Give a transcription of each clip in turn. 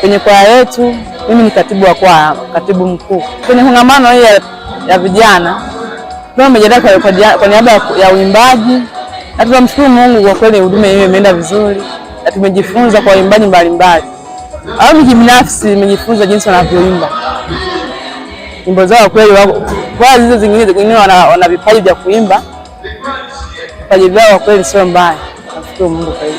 kwenye kwaya yetu. Mimi ni katibu wa kwaya, katibu mkuu. Kwenye kongamano hii ya, ya vijana mejiandaa kwa niaba ya uimbaji, na tunamshukuru Mungu kwa kweli, huduma hiyo imeenda vizuri na tumejifunza kwa waimbaji mbalimbali. Au mimi binafsi nimejifunza jinsi wanavyoimba nyimbo zao, kweli kwa hizo zingine wana vipaji vya kuimba, vipaji vyao kweli sio mbaya. Namshukuru Mungu kwa hilo.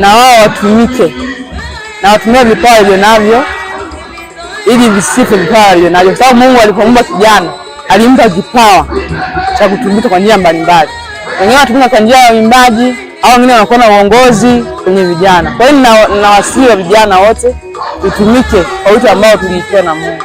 na wao watumike na watumie vipawa walionavyo ili visife vipawa walionavyo, kwa sababu Mungu alipomuumba kijana alimpa kipawa cha kutumika kwa njia mbalimbali. Wengine wanatumika kwa njia ya uimbaji au wengine wanakuwa na uongozi kwenye vijana. Kwa hiyo ninawasihi wa vijana wote tutumike kwa wito ambao tuliitiwa na Mungu.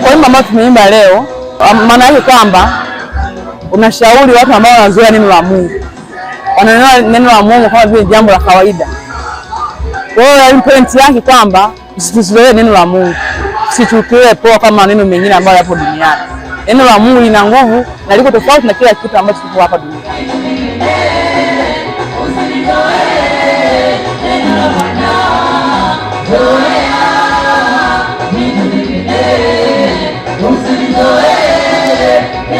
Kwa hiyo ambayo tumeimba leo, maana yake kwamba unashauri watu ambao wanazoea neno la Mungu, wanaelewa neno la Mungu kama vile jambo la kawaida. Kwa hiyo point yake kwamba tusizoee neno la Mungu, tusichukulie poa kama maneno mengine ambayo yapo duniani. Neno la Mungu lina nguvu na liko tofauti na kila kitu ambacho kipo hapa duniani.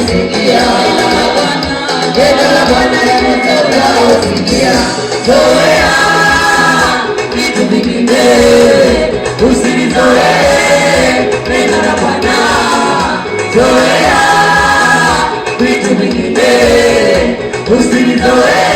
usikia jina la Bwana usikia zoea vitu vingine usinizoee neno la Bwana zoea vitu vingine usinizoee